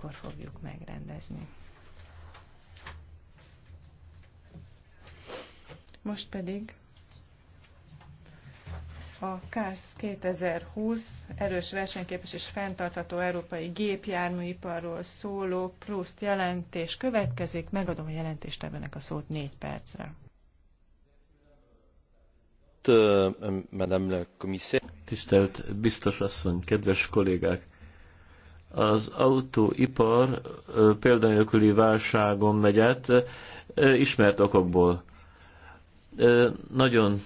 akkor fogjuk megrendezni. Most pedig a KASZ 2020 erős versenyképes és fenntartható európai gépjárműiparról szóló Proust jelentés következik. Megadom a jelentést ebbenek a szót négy percre. Tisztelt uh, biztos asszony, kedves kollégák! az autóipar példanélküli válságon megy át, ismert okokból. Nagyon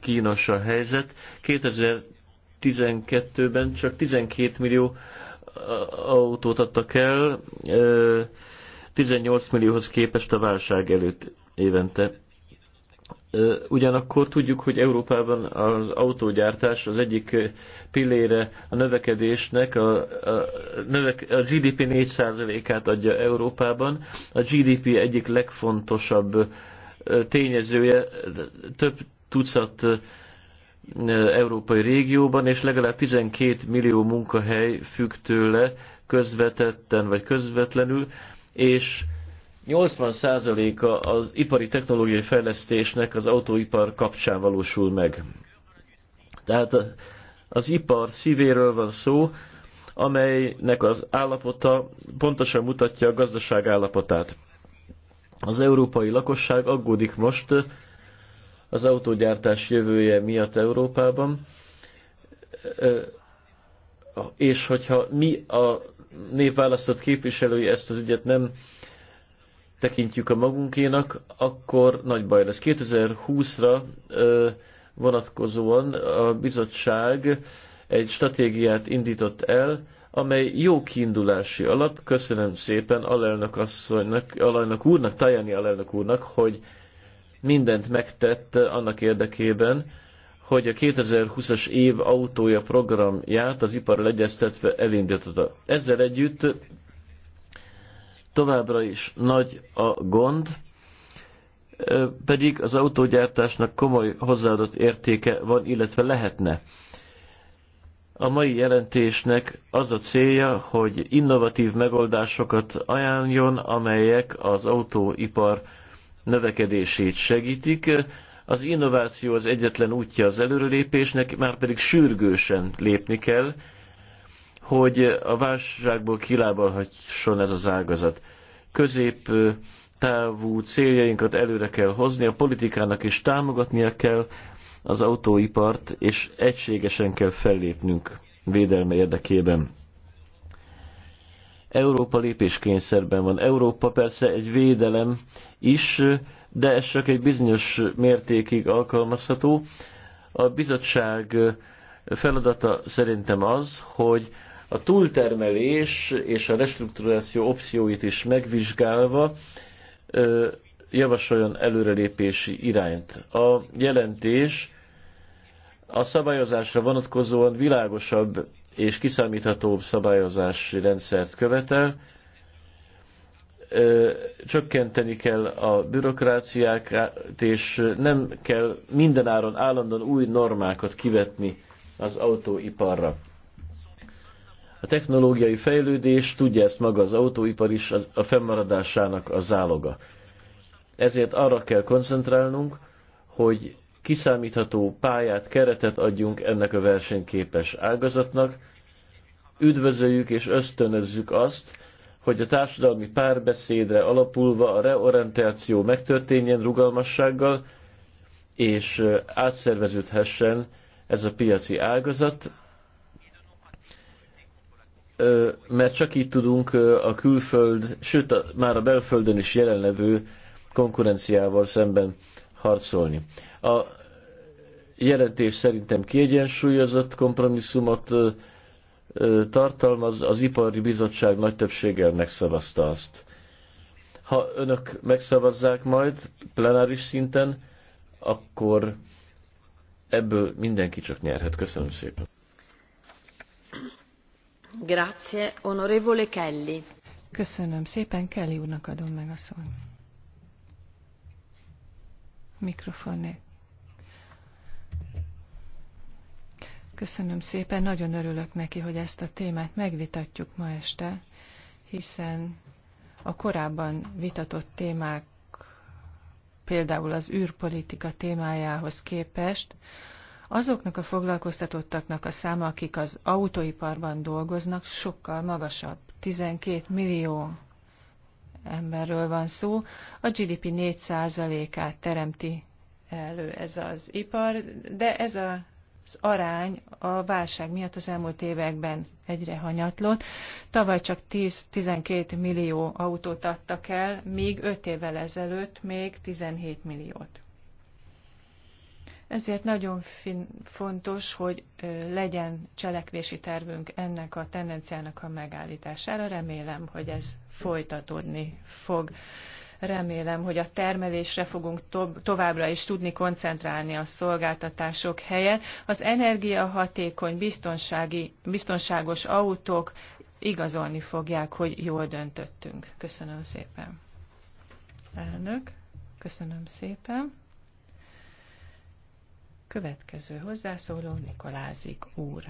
kínos a helyzet. 2012-ben csak 12 millió autót adtak el, 18 millióhoz képest a válság előtt évente. Ugyanakkor tudjuk, hogy Európában az autógyártás az egyik pillére a növekedésnek, a, a, a GDP 4%-át adja Európában. A GDP egyik legfontosabb tényezője több tucat európai régióban, és legalább 12 millió munkahely függ tőle közvetetten vagy közvetlenül, és 80%-a az ipari technológiai fejlesztésnek az autóipar kapcsán valósul meg. Tehát az ipar szívéről van szó, amelynek az állapota pontosan mutatja a gazdaság állapotát. Az európai lakosság aggódik most az autógyártás jövője miatt Európában, és hogyha mi a népválasztott képviselői ezt az ügyet nem tekintjük a magunkénak, akkor nagy baj lesz. 2020-ra vonatkozóan a bizottság egy stratégiát indított el, amely jó kiindulási alap. Köszönöm szépen alelnök asszonynak, alelnök úrnak, Tajani alelnök úrnak, hogy mindent megtett annak érdekében, hogy a 2020-as év autója programját az ipar egyeztetve elindította. Ezzel együtt továbbra is nagy a gond, pedig az autógyártásnak komoly hozzáadott értéke van, illetve lehetne. A mai jelentésnek az a célja, hogy innovatív megoldásokat ajánljon, amelyek az autóipar növekedését segítik. Az innováció az egyetlen útja az előrelépésnek, már pedig sürgősen lépni kell, hogy a válságból kilábalhasson ez az ágazat. Közép távú céljainkat előre kell hozni, a politikának is támogatnia kell az autóipart, és egységesen kell fellépnünk védelme érdekében. Európa lépéskényszerben van. Európa persze egy védelem is, de ez csak egy bizonyos mértékig alkalmazható. A bizottság feladata szerintem az, hogy a túltermelés és a restrukturáció opcióit is megvizsgálva javasoljon előrelépési irányt. A jelentés a szabályozásra vonatkozóan világosabb és kiszámíthatóbb szabályozási rendszert követel, csökkenteni kell a bürokráciákat, és nem kell mindenáron állandóan új normákat kivetni az autóiparra. A technológiai fejlődés, tudja ezt maga az autóipar is, az, a fennmaradásának a záloga. Ezért arra kell koncentrálnunk, hogy kiszámítható pályát, keretet adjunk ennek a versenyképes ágazatnak. Üdvözöljük és ösztönözzük azt, hogy a társadalmi párbeszédre alapulva a reorientáció megtörténjen rugalmassággal, és átszerveződhessen ez a piaci ágazat, mert csak így tudunk a külföld, sőt a, már a belföldön is jelenlevő konkurenciával szemben harcolni. A jelentés szerintem kiegyensúlyozott kompromisszumot tartalmaz, az Ipari Bizottság nagy többséggel megszavazta azt. Ha önök megszavazzák majd plenáris szinten, akkor ebből mindenki csak nyerhet. Köszönöm szépen. Grazie, onorevole Kelly. Köszönöm szépen, Kelly úrnak adom meg a szót. Mikrofonné. Köszönöm szépen, nagyon örülök neki, hogy ezt a témát megvitatjuk ma este, hiszen a korábban vitatott témák, például az űrpolitika témájához képest, azoknak a foglalkoztatottaknak a száma, akik az autóiparban dolgoznak, sokkal magasabb. 12 millió emberről van szó. A GDP 4%-át teremti elő ez az ipar, de ez a az arány a válság miatt az elmúlt években egyre hanyatlott. Tavaly csak 10-12 millió autót adtak el, míg 5 évvel ezelőtt még 17 milliót. Ezért nagyon fontos, hogy legyen cselekvési tervünk ennek a tendenciának a megállítására. Remélem, hogy ez folytatódni fog. Remélem, hogy a termelésre fogunk to- továbbra is tudni koncentrálni a szolgáltatások helyett. Az energiahatékony, biztonsági, biztonságos autók igazolni fogják, hogy jól döntöttünk. Köszönöm szépen. Elnök, köszönöm szépen. Következő hozzászóló Nikolázik úr.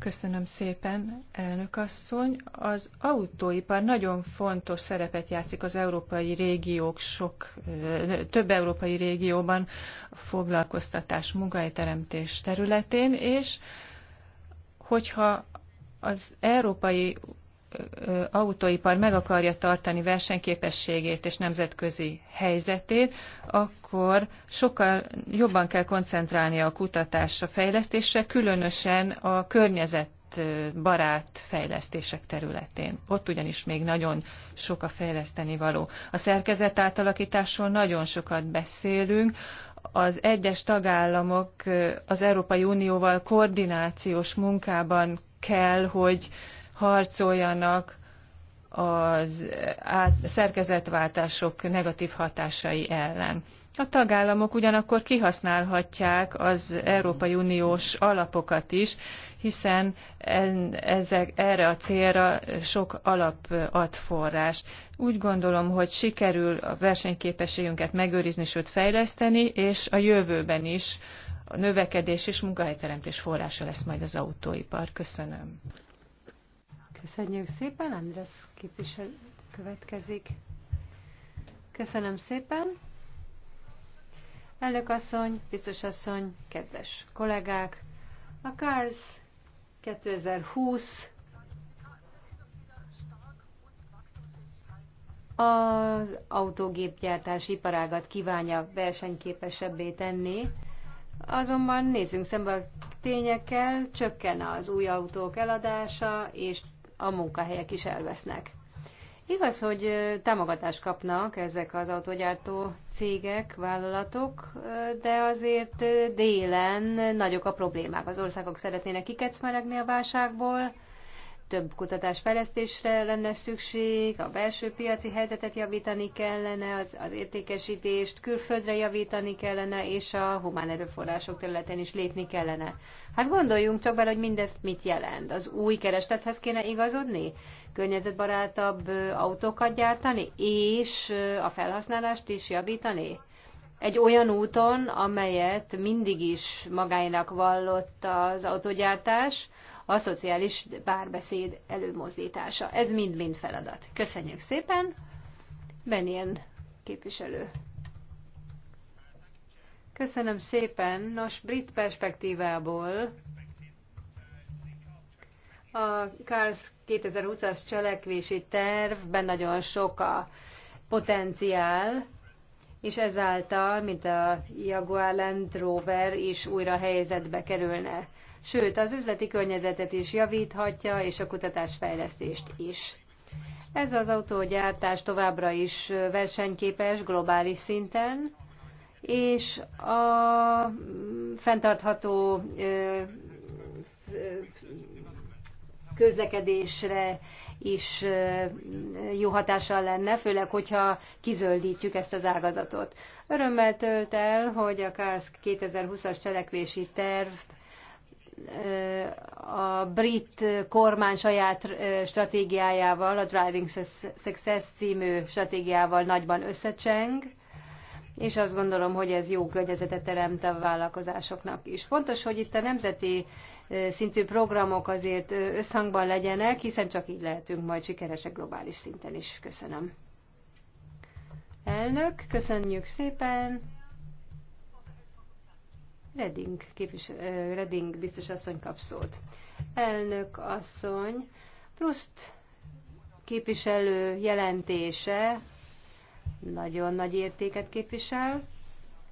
Köszönöm szépen, elnök asszony. Az autóipar nagyon fontos szerepet játszik az európai régiók sok, több európai régióban foglalkoztatás munkahelyteremtés területén, és hogyha az Európai autóipar meg akarja tartani versenyképességét és nemzetközi helyzetét, akkor sokkal jobban kell koncentrálnia a kutatásra, fejlesztésre, különösen a környezetbarát fejlesztések területén. Ott ugyanis még nagyon sok a fejleszteni való. A szerkezet átalakításról nagyon sokat beszélünk, az egyes tagállamok az Európai Unióval koordinációs munkában kell, hogy harcoljanak az át, szerkezetváltások negatív hatásai ellen. A tagállamok ugyanakkor kihasználhatják az Európai Uniós alapokat is, hiszen ezek, erre a célra sok alap ad forrás. Úgy gondolom, hogy sikerül a versenyképességünket megőrizni, sőt fejleszteni, és a jövőben is a növekedés és munkahelyteremtés forrása lesz majd az autóipar. Köszönöm. Köszönjük szépen, András képviselő következik. Köszönöm szépen. Elnök asszony, biztos asszony, kedves kollégák! A CARS 2020 az autógépgyártás iparágat kívánja versenyképesebbé tenni, azonban nézzünk szembe a tényekkel, csökken az új autók eladása, és a munkahelyek is elvesznek. Igaz, hogy támogatást kapnak ezek az autogyártó cégek, vállalatok, de azért délen nagyok a problémák. Az országok szeretnének kikecmeregni a válságból, több kutatásfejlesztésre lenne szükség, a belső piaci helyzetet javítani kellene, az, az értékesítést külföldre javítani kellene, és a humán erőforrások területén is lépni kellene. Hát gondoljunk csak bele, hogy mindez mit jelent. Az új kereslethez kéne igazodni, környezetbarátabb autókat gyártani, és a felhasználást is javítani? egy olyan úton, amelyet mindig is magáinak vallott az autogyártás, a szociális párbeszéd előmozdítása. Ez mind-mind feladat. Köszönjük szépen. Benien képviselő. Köszönöm szépen. Nos, brit perspektívából a CARS 2020-as cselekvési tervben nagyon sok a potenciál, és ezáltal, mint a Jaguar Land Rover is újra helyzetbe kerülne sőt az üzleti környezetet is javíthatja, és a kutatásfejlesztést is. Ez az autógyártás továbbra is versenyképes globális szinten, és a fenntartható közlekedésre is jó hatással lenne, főleg, hogyha kizöldítjük ezt az ágazatot. Örömmel tölt el, hogy a KASZK 2020-as cselekvési terv a brit kormány saját stratégiájával, a Driving Success című stratégiával nagyban összecseng, és azt gondolom, hogy ez jó környezetet teremt a vállalkozásoknak is. Fontos, hogy itt a nemzeti szintű programok azért összhangban legyenek, hiszen csak így lehetünk majd sikeresek globális szinten is. Köszönöm. Elnök, köszönjük szépen! Reding, képvisel, Reding biztos asszony kap szót. Elnök asszony, Proust képviselő jelentése nagyon nagy értéket képvisel,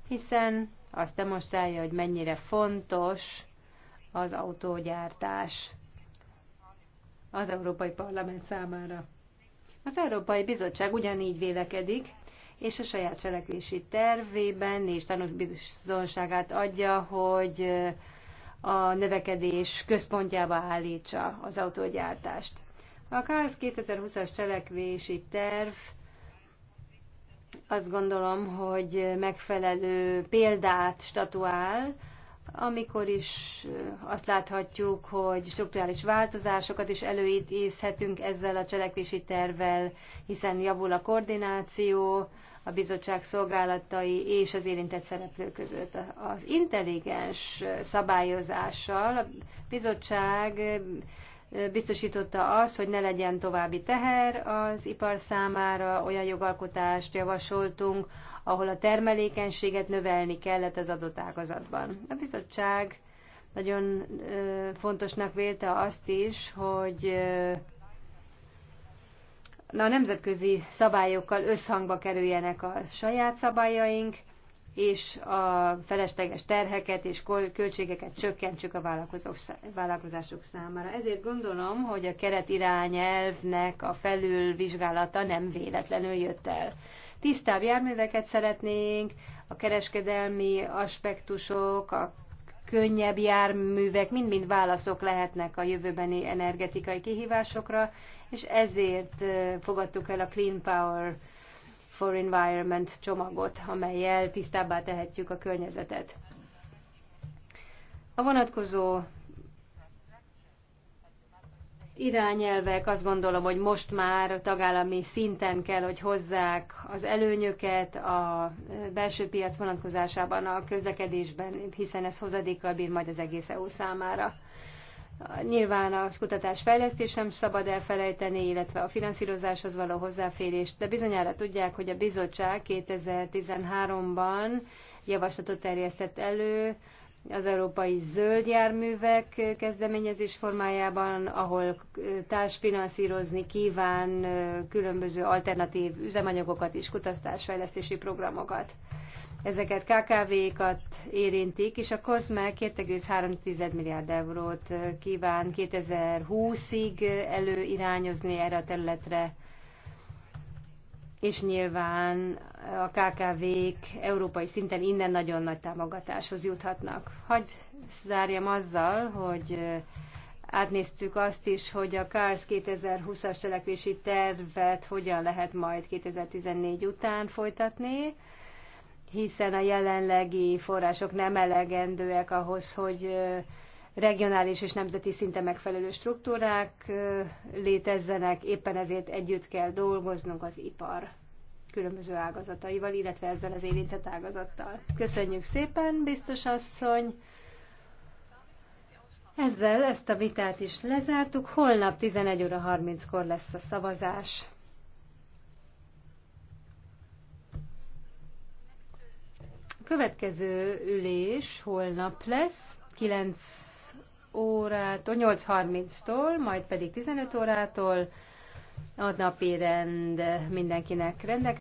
hiszen azt demonstrálja, hogy mennyire fontos az autógyártás az Európai Parlament számára. Az Európai Bizottság ugyanígy vélekedik, és a saját cselekvési tervében és tanúsbizonságát adja, hogy a növekedés központjába állítsa az autógyártást. A kárs 2020-as cselekvési terv azt gondolom, hogy megfelelő példát statuál, amikor is azt láthatjuk, hogy strukturális változásokat is előidézhetünk ezzel a cselekvési tervvel, hiszen javul a koordináció a bizottság szolgálatai és az érintett szereplők között. Az intelligens szabályozással a bizottság biztosította az, hogy ne legyen további teher az ipar számára, olyan jogalkotást javasoltunk, ahol a termelékenységet növelni kellett az adott ágazatban. A bizottság nagyon fontosnak vélte azt is, hogy a nemzetközi szabályokkal összhangba kerüljenek a saját szabályaink, és a felesleges terheket és költségeket csökkentsük a vállalkozások számára. Ezért gondolom, hogy a keret irányelvnek a felülvizsgálata nem véletlenül jött el. Tisztább járműveket szeretnénk, a kereskedelmi aspektusok, a könnyebb járművek mind-mind válaszok lehetnek a jövőbeni energetikai kihívásokra, és ezért fogadtuk el a Clean Power for Environment csomagot, amelyel tisztábbá tehetjük a környezetet. A vonatkozó irányelvek, azt gondolom, hogy most már a tagállami szinten kell, hogy hozzák az előnyöket a belső piac vonatkozásában, a közlekedésben, hiszen ez hozadékkal bír majd az egész EU számára. Nyilván a kutatás fejlesztés sem szabad elfelejteni, illetve a finanszírozáshoz való hozzáférést, de bizonyára tudják, hogy a bizottság 2013-ban javaslatot terjesztett elő, az európai zöld járművek kezdeményezés formájában, ahol társfinanszírozni kíván különböző alternatív üzemanyagokat és kutatásfejlesztési programokat. Ezeket KKV-kat érintik, és a COSME 2,3 milliárd eurót kíván 2020-ig előirányozni erre a területre és nyilván a KKV-k európai szinten innen nagyon nagy támogatáshoz juthatnak. Hagy zárjam azzal, hogy átnéztük azt is, hogy a KARS 2020-as cselekvési tervet hogyan lehet majd 2014 után folytatni, hiszen a jelenlegi források nem elegendőek ahhoz, hogy regionális és nemzeti szinten megfelelő struktúrák létezzenek, éppen ezért együtt kell dolgoznunk az ipar különböző ágazataival, illetve ezzel az érintett ágazattal. Köszönjük szépen, biztos asszony! Ezzel ezt a vitát is lezártuk. Holnap 11 óra 30-kor lesz a szavazás. A következő ülés holnap lesz, 9 órától, 8.30-tól, majd pedig 15 órától a napi rend mindenkinek rendelkezik.